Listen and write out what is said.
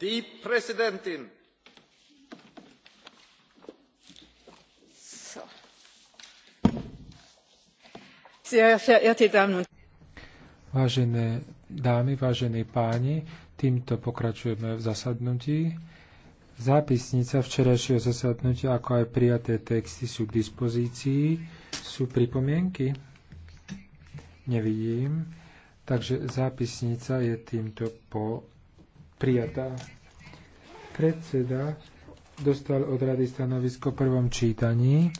die präsidentin! Vážené dámy, vážení páni, týmto pokračujeme v zasadnutí. Zápisnica včerajšieho zasadnutia, ako aj prijaté texty sú k dispozícii. Sú pripomienky? Nevidím. Takže zápisnica je týmto po prijatá. Predseda dostal od rady stanovisko v prvom čítaní.